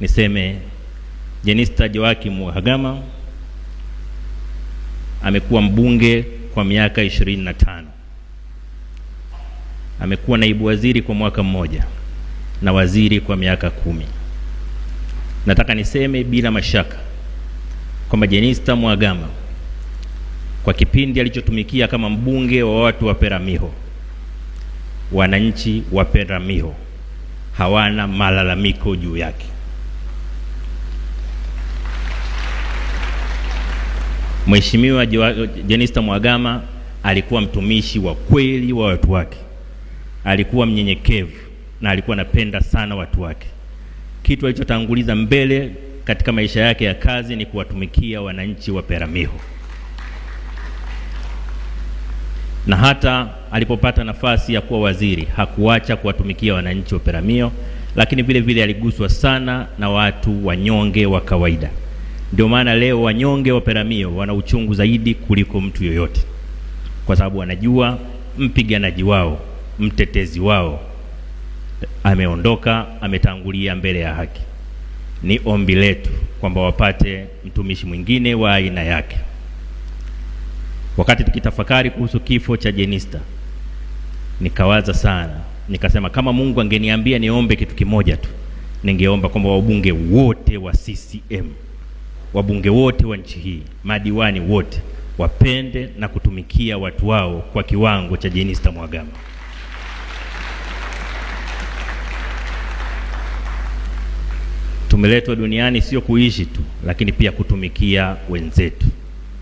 niseme Jenista Joakim Mhagama amekuwa mbunge kwa miaka ishirini na tano amekuwa naibu waziri kwa mwaka mmoja na waziri kwa miaka kumi. Nataka niseme bila mashaka kwamba Jenista Mhagama kwa kipindi alichotumikia kama mbunge wa watu wa Peramiho, wananchi wa Peramiho hawana malalamiko juu yake. Mheshimiwa Jenista Mhagama alikuwa mtumishi wa kweli wa watu wake, alikuwa mnyenyekevu na alikuwa anapenda sana watu wake. Kitu alichotanguliza mbele katika maisha yake ya kazi ni kuwatumikia wananchi wa Peramiho, na hata alipopata nafasi ya kuwa waziri hakuacha kuwatumikia wananchi wa Peramiho, lakini vile vile aliguswa sana na watu wanyonge wa kawaida. Ndio maana leo wanyonge wa Peramio wana uchungu zaidi kuliko mtu yoyote, kwa sababu wanajua mpiganaji wao, mtetezi wao ameondoka, ametangulia mbele ya haki. Ni ombi letu kwamba wapate mtumishi mwingine wa aina yake. Wakati tukitafakari kuhusu kifo cha Jenista, nikawaza sana, nikasema kama Mungu angeniambia niombe kitu kimoja tu, ningeomba kwamba wabunge wote wa CCM wabunge wote wa nchi hii, madiwani wote wapende na kutumikia watu wao kwa kiwango cha Jenista Mhagama. Tumeletwa duniani sio kuishi tu, lakini pia kutumikia wenzetu.